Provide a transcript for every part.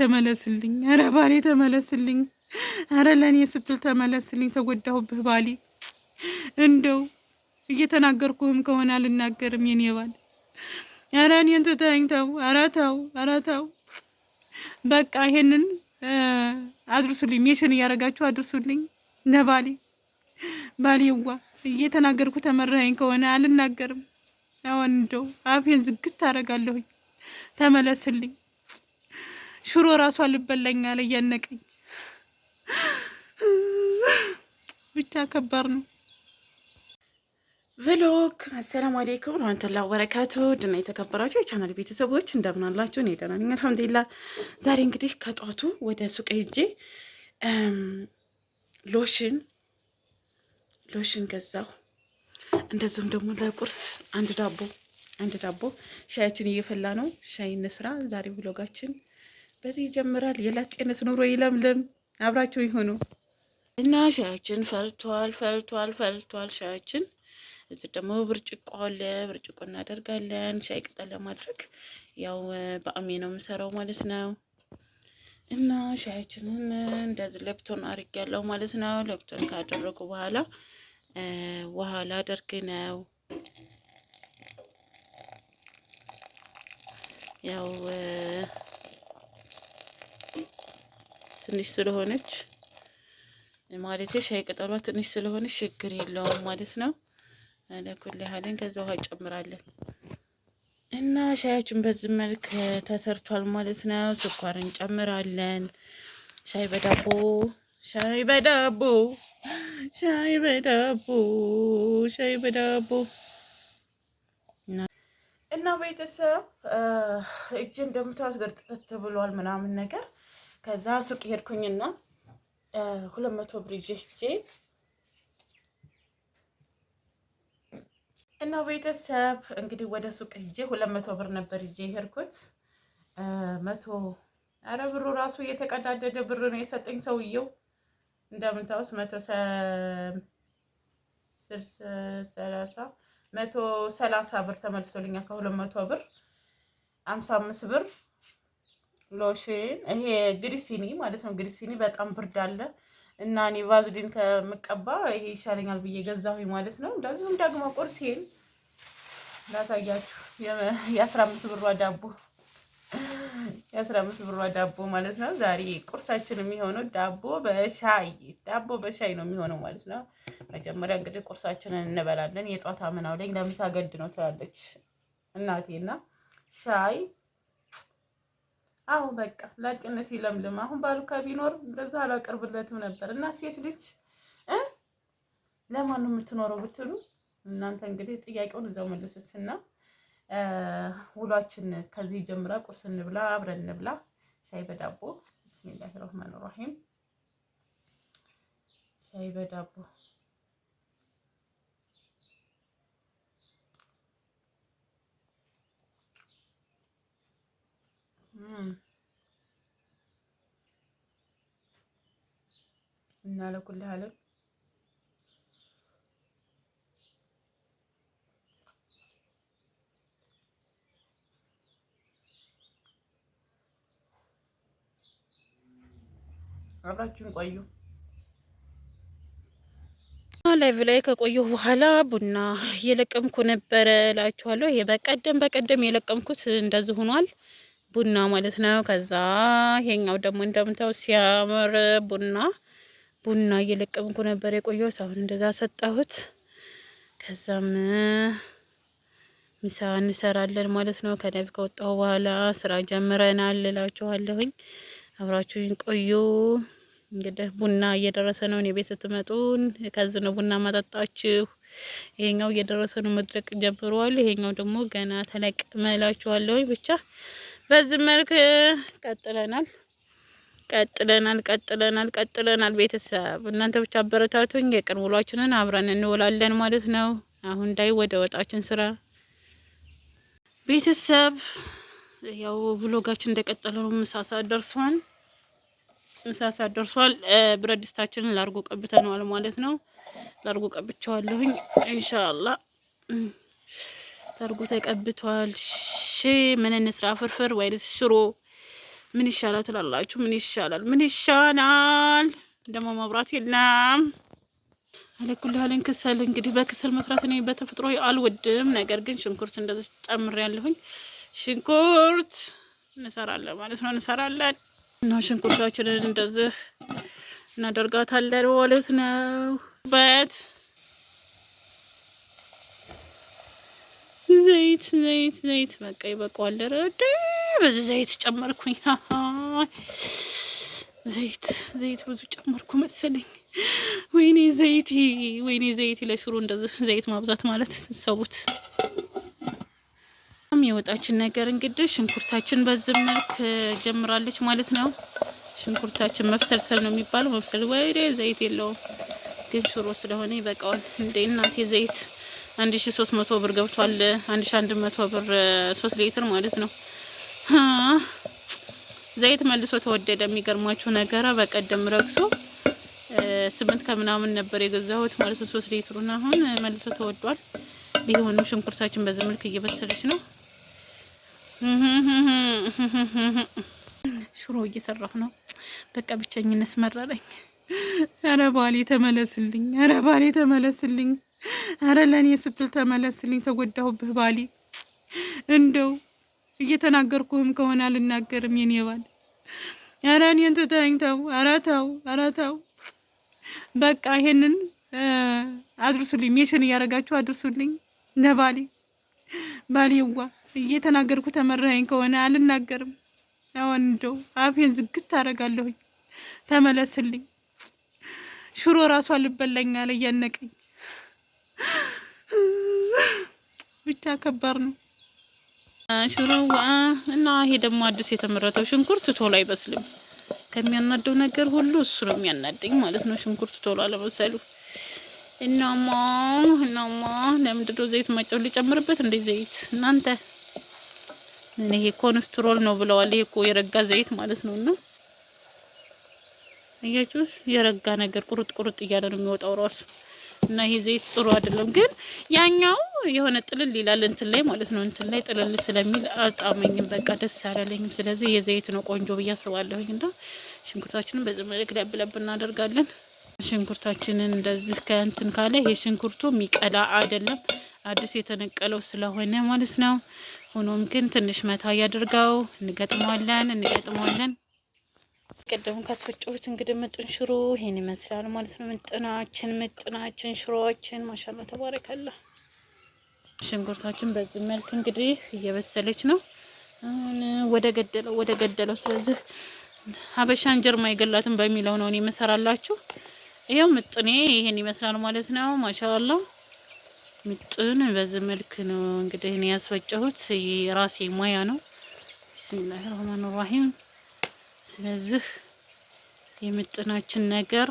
ተመለስልኝ፣ ኧረ ባሌ ተመለስልኝ፣ ኧረ ለእኔ ስትል ተመለስልኝ። ተጎዳሁብህ ባሌ፣ እንደው እየተናገርኩህም ከሆነ አልናገርም የኔ ባል። ኧረ እኔን ትተኸኝ ተው፣ ኧረ ተው፣ ኧረ ተው። በቃ ይሄንን አድርሱልኝ፣ ሜሽን እያደረጋችሁ አድርሱልኝ ነባሌ ባሌዋ እየተናገርኩ ተመረኸኝ ከሆነ አልናገርም። አሁን እንደው አፌን ዝግት ታደርጋለሁኝ። ተመለስልኝ። ሽሮ ራሱ አልበላኝ አለ እያነቀኝ። ብቻ ከባድ ነው። ቭሎግ አሰላሙ አሌይኩም ረመቱላ ወበረካቱ። ድና የተከበራችሁ የቻናል ቤተሰቦች እንደምን አላችሁ? እኔ ደህና ነኝ አልሐምዱሊላህ። ዛሬ እንግዲህ ከጧቱ ወደ ሱቅ ሄጄ ሎሽን ሎሽን ገዛሁ። እንደዚሁም ደግሞ ለቁርስ አንድ ዳቦ አንድ ዳቦ ሻያችን እየፈላ ነው። ሻይ እንስራ ዛሬ ቭሎጋችን በዚህ ይጀምራል። የላጤነት ኑሮ ይለምልም። አብራቸው ይሆኑ እና ሻያችን ፈልቷል፣ ፈልቷል፣ ፈልቷል ሻያችን። እዚህ ደግሞ ብርጭቆ አለ። ብርጭቆ እናደርጋለን ሻይ ቅጠል ለማድረግ ያው በአሜ ነው የምሰራው ማለት ነው። እና ሻያችንን እንደዚህ ለብቶን አርግ ያለው ማለት ነው። ለብቶን ካደረጉ በኋላ ውሃ ላደርግ ነው። ያው ትንሽ ስለሆነች ማለት ሻይ ቅጠሏ ትንሽ ስለሆነች ችግር የለውም ማለት ነው። ለኩል ያህልን ከዛ ውሃ ጨምራለን እና ሻያችን በዚህ መልክ ተሰርቷል ማለት ነው። ስኳር እንጨምራለን። ሻይ በዳቦ ሻይ በዳቦ ሻይ በዳቦ ሻይ በዳቦ እና ቤተሰብ እጅ እንደምታስገርጥ ብሏል ምናምን ነገር ከዛ ሱቅ ሄድኩኝና ሁለት መቶ ብር ይዤ ሄጄ እና ቤተሰብ እንግዲህ ወደ ሱቅ ሄጄ ሁለት መቶ ብር ነበር ይዤ ሄድኩት። መቶ አረ ብሩ ራሱ እየተቀዳደደ ብር ነው የሰጠኝ ሰውየው። እንደምታውስ መቶ ሰላሳ መቶ ሰላሳ ብር ተመልሶልኛል ከሁለት መቶ ብር አምሳ አምስት ብር ሎሽን ይሄ ግሪሲኒ ማለት ነው። ግሪሲኒ በጣም ብርድ አለ እና እኔ ቫዝሊን ከምቀባ ይሄ ይሻለኛል ብዬ ገዛሁኝ ማለት ነው። እንደዚሁም ደግሞ ቁርሴን ላሳያችሁ የአስራ አምስት ብሯ ዳቦ የአስራ አምስት ብሯ ዳቦ ማለት ነው። ዛሬ ቁርሳችን የሚሆነው ዳቦ በሻይ ዳቦ በሻይ ነው የሚሆነው ማለት ነው። መጀመሪያ እንግዲህ ቁርሳችንን እንበላለን። የጧት አምናው ላይ ለምሳ ገድ ነው ትላለች እናቴና ሻይ አሁ በቃ ላቅነት ይለምልም። አሁን ባሉካ ቢኖር እንደዛ አላቀርብለትም ነበር። እና ሴት ልጅ ለማን ነው የምትኖረው ብትሉ እናንተ እንግዲህ ጥያቄውን እዛው መልሱትና ውሏችን ከዚህ ጀምራ ቁርስ እንብላ፣ አብረን እንብላ፣ ሻይ በዳቦ ብስሚላሂ ረህማን ረሂም ሻይ በዳቦ እናለኩልህ አለ። አብራችሁን ቆዩ። ላይቭ ላይ ከቆየሁ በኋላ ቡና እየለቀምኩ ነበረ እላችኋለሁ። በቀደም በቀደም የለቀምኩት እንደዚህ ሆኗል፣ ቡና ማለት ነው። ከዛ ይሄኛው ደግሞ እንደምታው ሲያምር ቡና ቡና እየለቀምኩ ነበር የቆየሁት። አሁን እንደዛ ሰጣሁት። ከዛም ምሳ እንሰራለን ማለት ነው። ከነብ ከወጣሁ በኋላ ስራ ጀምረናል እላችኋለሁኝ። አብራችሁኝ ቆዩ። እንግዲህ ቡና እየደረሰ ነው። እኔ ቤት ስትመጡን ከዚህ ነው ቡና ማጠጣችሁ። ይሄኛው እየደረሰ ነው፣ መድረቅ ጀምሯል። ይሄኛው ደግሞ ገና ተለቅመላችኋለሁኝ። ብቻ በዚህ መልክ ቀጥለናል። ቀጥለናል ቀጥለናል ቀጥለናል። ቤተሰብ እናንተ ብቻ አበረታቱኝ። የቀን ውሏችንን አብረን እንውላለን ማለት ነው። አሁን ላይ ወደ ወጣችን ስራ ቤተሰብ ያው ብሎጋችን እንደቀጠለ ነው። ምሳሳ ደርሷል፣ ምሳሳ ደርሷል። ብረት ድስታችንን ላርጎ ቀብተነዋል ማለት ነው። ላርጎ ቀብቸዋለሁኝ ኢንሻአላህ ላርጎ ተቀብቷል። ሺ ምን እንስራ ፍርፍር ወይስ ሽሮ? ምን ይሻላል ትላላችሁ? ምን ይሻላል? ምን ይሻላል? ደግሞ መብራት የለም። አለኩል ያህልን ክሰል እንግዲህ በክሰል መስራት እኔ በተፈጥሮ አልወድም። ነገር ግን ሽንኩርት እንደዚህ ጨምር ያለሁኝ ሽንኩርት እንሰራለን ማለት ነው። እንሰራለን እና ሽንኩርታችንን እንደዚህ እናደርጋታለን ማለት ነው። በት ዘይት ዘይት ዘይት በቃ ይበቃዋል። ብዙ ዘይት ጨመርኩኝ። ዘይት ዘይት ብዙ ጨመርኩ መሰለኝ። ወይኔ ዘይት ወይኔ ዘይት ለሽሮ እንደዚህ ዘይት ማብዛት ማለት ሰቡት የወጣችን ነገር እንግዲህ ሽንኩርታችን በዚህ መልክ ጀምራለች ማለት ነው። ሽንኩርታችን መብሰልሰል ነው የሚባለው። መብሰል ወይኔ ዘይት የለውም ግን ሽሮ ስለሆነ ይበቃዋል። እንደ እናቴ ዘይት አንድ ሺ ሶስት መቶ ብር ገብቷል። አንድ ሺ አንድ መቶ ብር ሶስት ሊትር ማለት ነው። ዘይት መልሶ ተወደደ። የሚገርማችሁ ነገር በቀደም ረግሶ ስምንት ከምናምን ነበር የገዛሁት ማለት ነው ሊትሩ ሊትሩን አሁን መልሶ ተወዷል። ቢሆንም ሽንኩርታችን በዚህ መልክ እየበሰለች ነው። ሽሮ እየሰራሁ ነው። በቃ ብቸኝነት መረረኝ። አረ ባሌ ተመለስልኝ፣ አረ ባሌ ተመለስልኝ፣ አረ ለእኔ ስትል ተመለስልኝ። ተጎዳሁብህ ባሌ እንደው እየተናገርኩህም ከሆነ አልናገርም። የኔ ባል ኧረ እኔን ትተኸኝ ተው፣ ኧረ ተው፣ ኧረ ተው። በቃ ይሄንን አድርሱልኝ፣ ሜሽን እያደረጋችሁ አድርሱልኝ ለባሌ ባሌዋ። እየተናገርኩ ተመረኸኝ ከሆነ አልናገርም። አሁን እንደው አፌን ዝግት ታደርጋለሁኝ። ተመለስልኝ። ሽሮ ራሱ አልበላኝ አለ እያነቀኝ ብቻ ከባድ ነው። ሽሮዋ እና ይሄ ደግሞ አዲስ የተመረተው ሽንኩርት ቶሎ አይበስልም። ከሚያናደው ነገር ሁሉ እሱ ነው የሚያናደኝ ማለት ነው፣ ሽንኩርት ቶሎ አለመብሰሉ። እናማ እናማ ለምንድን ዘይት ማጨው ሊጨምርበት እንዴ ዘይት እናንተ እኔ ይሄ ኮንስትሮል ነው ብለዋል። ይሄ እኮ የረጋ ዘይት ማለት ነው። እና እያችሁስ የረጋ ነገር ቁርጥ ቁርጥ እያለ ነው የሚወጣው ራሱ እና ይሄ ዘይት ጥሩ አይደለም። ግን ያኛው የሆነ ጥልል ይላል እንትን ላይ ማለት ነው። እንትን ላይ ጥልል ስለሚል አልጣመኝም፣ በቃ ደስ አላለኝም። ስለዚህ የዘይት ነው ቆንጆ ብዬ አስባለሁኝ። እና ሽንኩርታችንን በዚህ መልክ ለብ እናደርጋለን። ሽንኩርታችንን እንደዚህ ከእንትን ካለ ይሄ ሽንኩርቱ የሚቀላ አይደለም፣ አዲስ የተነቀለው ስለሆነ ማለት ነው። ሆኖም ግን ትንሽ መታ እያደርገው እንገጥመዋለን እንገጥመዋለን ቀደሙ ካስፈጨሁት እንግዲህ ምጥን ሽሮ ይሄን ይመስላል ማለት ነው። ምጥናችን ምጥናችን ሽሮዎችን ማሻላ ተባረከላ። ሽንኩርታችን በዚህ መልክ እንግዲህ እየበሰለች ነው። ወደ ገደለው ወደ ገደለው። ስለዚህ ሀበሻን ጀርማ አይገላትም በሚለው ነው እኔ የምሰራላችሁ። ይኸው ምጥኔ ይሄን ይመስላል ማለት ነው። ማሻላ ምጥን በዚህ መልክ ነው እንግዲህ እኔ ያስፈጨሁት። ራሴ ሙያ ነው። ብስሚላ ረህማን ራሂም ስለዚህ የምጥናችን ነገር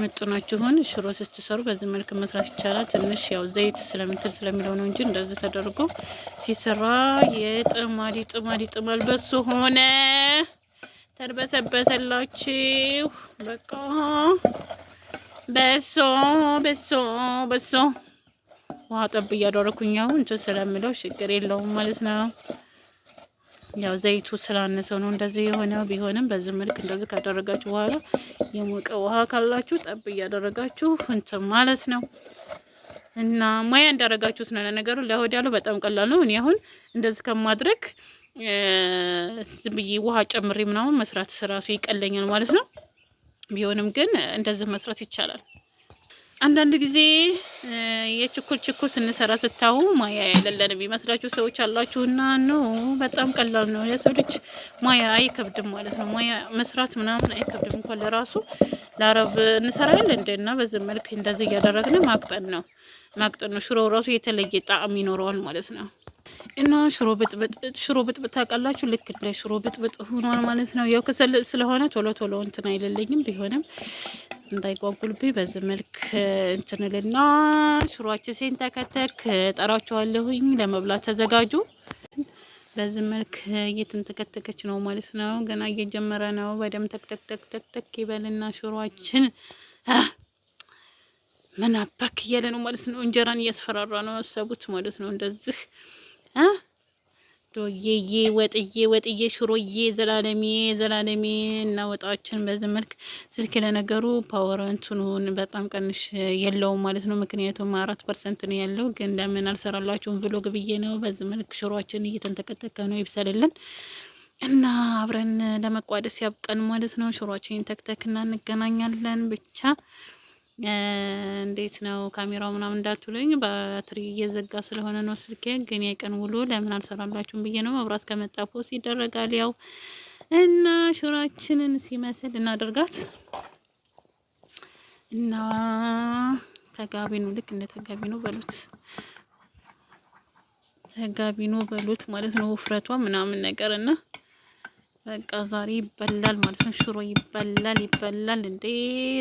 ምጥናችሁን ሽሮ ስትሰሩ በዚህ መልክ መስራት ይቻላል። ትንሽ ያው ዘይት ስለምትል ስለሚለው ነው እንጂ እንደዚህ ተደርጎ ሲሰራ የጥማል ይጥማል ጥማል በሱ ሆነ ተርበሰበሰላችሁ። በቃ በሶ በሶ በሶ ውሃ ጠብ እያደረኩኝ አሁን እንትን ስለምለው ችግር የለውም ማለት ነው። ያው ዘይቱ ስላነሰው ነው እንደዚህ የሆነ ቢሆንም በዚህ መልክ እንደዚህ ካደረጋችሁ በኋላ የሞቀ ውሃ ካላችሁ ጠብ እያደረጋችሁ እንትን ማለት ነው እና ሙያ እንዳደረጋችሁት ነው። ለነገሩ ለሆድ ያለው በጣም ቀላል ነው። እኔ አሁን እንደዚህ ከማድረግ ዝም ብዬ ውሃ ጨምሬ ምናምን መስራት ራሱ ይቀለኛል ማለት ነው። ቢሆንም ግን እንደዚህ መስራት ይቻላል። አንዳንድ ጊዜ የችኩል ችኩል ስንሰራ ስታዩ ማያ የሌለን የሚመስላችሁ ሰዎች አላችሁና፣ ኖ በጣም ቀላል ነው። የሰው ልጅ ማያ አይከብድም ማለት ነው። ማያ መስራት ምናምን አይከብድም። እንኳን ለራሱ ለአረብ እንሰራለን እንደና በዚህ መልክ እንደዚህ እያደረግን ማቅጠን ነው ማቅጠን ነው። ሽሮ ራሱ የተለየ ጣዕም ይኖረዋል ማለት ነው። እና ሽሮ ብጥብጥ ሽሮ ብጥብጥ ታውቃላችሁ? ልክ እንደ ሽሮ ብጥብጥ ሆኗል ማለት ነው። ያው ከሰል ስለሆነ ቶሎ ቶሎ እንትን አይለለኝም። ቢሆንም እንዳይጓጉልብኝ በዚህ መልክ እንትንልና ሽሮአችን ሲንተከተክ ጠራችኋለሁኝ። ለመብላት ተዘጋጁ። በዚህ መልክ እየተንተከተከች ነው ማለት ነው። ገና እየጀመረ ነው። በደም ተክተክተክተክ ይበልና ሽሮአችን ምን አባክ እያለ ነው ማለት ነው። እንጀራን እያስፈራራ ነው ያሰቡት ማለት ነው እንደዚህ ዶዬዬ ወጥዬ ወጥዬ ሽሮዬ ዘላለሜ ዘላለሜ እና ወጣዎችን በዚህ መልክ ስልክ ለነገሩ ፓወር በጣም ቀንሽ የለውም ማለት ነው። ምክንያቱም አራት ፐርሰንት ነው ያለው። ግን ለምን አልሰራላችሁም ቪሎግ ብዬ ነው። በዚህ መልክ ሽሮችን እየተንተከተከ ነው ይብሰልልን እና አብረን ለመቋደስ ያብቀን ማለት ነው። ሽሮችን ተክተክና እንገናኛለን ብቻ እንዴት ነው ካሜራው ምናምን እንዳትሉኝ፣ ባትሪ እየዘጋ ስለሆነ ነው ስልኬ። ግን የቀን ውሎ ለምን አልሰራላችሁም ብዬ ነው። መብራት ከመጣ ፖስት ይደረጋል ያው እና ሹራችንን ሲመስል እናደርጋት እና ነው። ልክ እንደ ነው በሉት ነው በሉት ማለት ነው። ውፍረቷ ምናምን ነገር እና በቃ ዛሬ ይበላል ማለት ነው። ሽሮ ይበላል ይበላል። እንዴ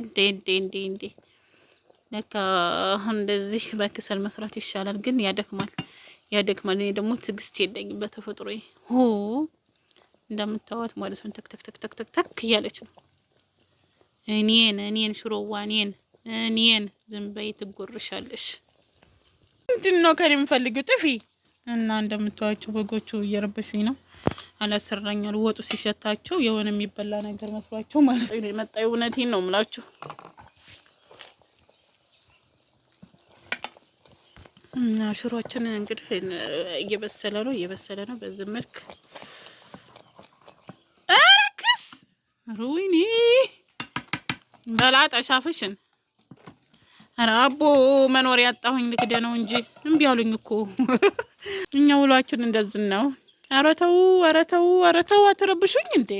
እንዴ እንዴ እንዴ እንዴ! ለካ እንደዚህ በክሰል መስራት ይሻላል፣ ግን ያደክማል ያደክማል። እኔ ደግሞ ትዕግስት የለኝም በተፈጥሮዬ። ሆ እንደምታዋት ማለት ነው። ተክ ተክ ተክ ተክ ተክ እያለች ነው። እኔን እኔን ሽሮዋ እኔን እኔን ዝም በይ ትጎርሻለሽ። ምንድን ነው ከኔ የምፈልጊው? ጥፊ እና እንደምታዩቸው በጎቹ እየረበሹኝ ነው። አላሰራኛል። ወጡ ሲሸታቸው የሆነ የሚበላ ነገር መስሏቸው ማለት ነው የመጣ እውነቴን ነው ምላችሁ እና ሽሮችን እንግዲህ እየበሰለ ነው እየበሰለ ነው በዚህ መልክ አረክስ ሩዊኒ በላጣ ሻፍሽን ኧረ አቦ መኖሪያ ያጣሁኝ ልክደ ነው እንጂ እምቢ አሉኝ እኮ። እኛ ውሏችን እንደዝን ነው። ኧረ ተው፣ ኧረ ተው፣ ኧረ ተው አትረብሹኝ እንዴ!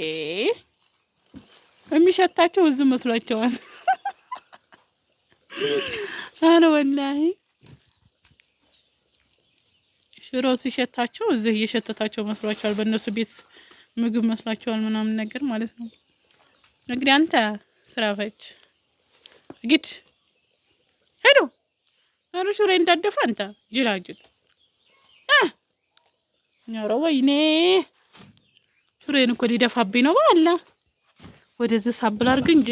የሚሸታቸው እዝ መስሏቸዋል። ኧረ ወላሂ ሽሮ ሲሸታቸው እዚህ እየሸተታቸው መስሏቸዋል። በእነሱ ቤት ምግብ መስሏቸዋል ምናምን ነገር ማለት ነው። እንግዲህ አንተ ፈች ግድ ሄዶ ኧረ ሹሬ እንዳደፋ አንተ ጅላጅል። ኧረ ወይኔ ሹሬን እኮ ሊደፋብኝ ነው። በአላ ወደዚህ ሳብል አድርግ እንጂ